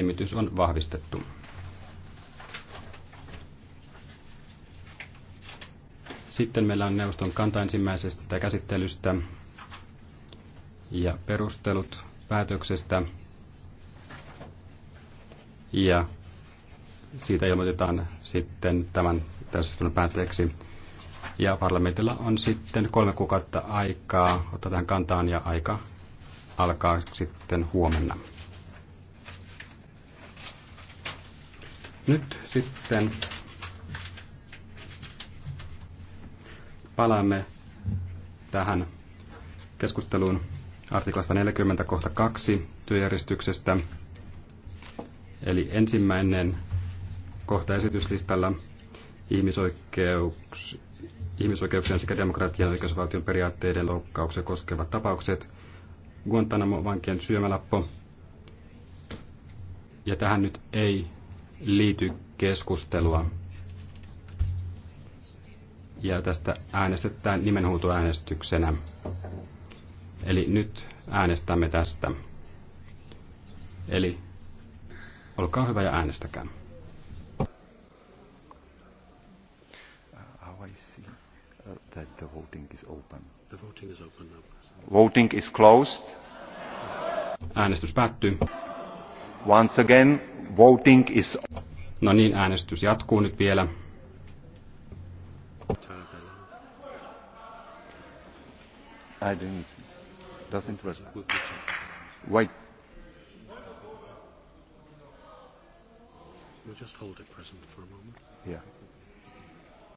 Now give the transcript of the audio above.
Nimitys on vahvistettu. Sitten meillä on neuvoston kanta ensimmäisestä käsittelystä ja perustelut päätöksestä. Ja siitä ilmoitetaan sitten tämän täysistunnon päätteeksi. Ja parlamentilla on sitten kolme kuukautta aikaa ottaa tähän kantaan ja aika alkaa sitten huomenna. Nyt sitten palaamme tähän keskusteluun artiklasta 40 kohta 2 työjärjestyksestä. Eli ensimmäinen kohta esityslistalla ihmisoikeuks, ihmisoikeuksien sekä demokratian ja oikeusvaltion periaatteiden loukkauksia koskevat tapaukset. Guantanamo-vankien syömälappo. Ja tähän nyt ei liity keskustelua. Ja tästä äänestetään nimenhuutoäänestyksenä. Eli nyt äänestämme tästä. Eli olkaa hyvä ja äänestäkää. Ah, uh, that the voting is open. The voting is open now. Voting is closed. Äänestys päättyy. Once again, voting is No niin, äänestys jatkuu nyt vielä. I didn't see. Doesn't Wait. We'll just hold it present for a moment. Yeah.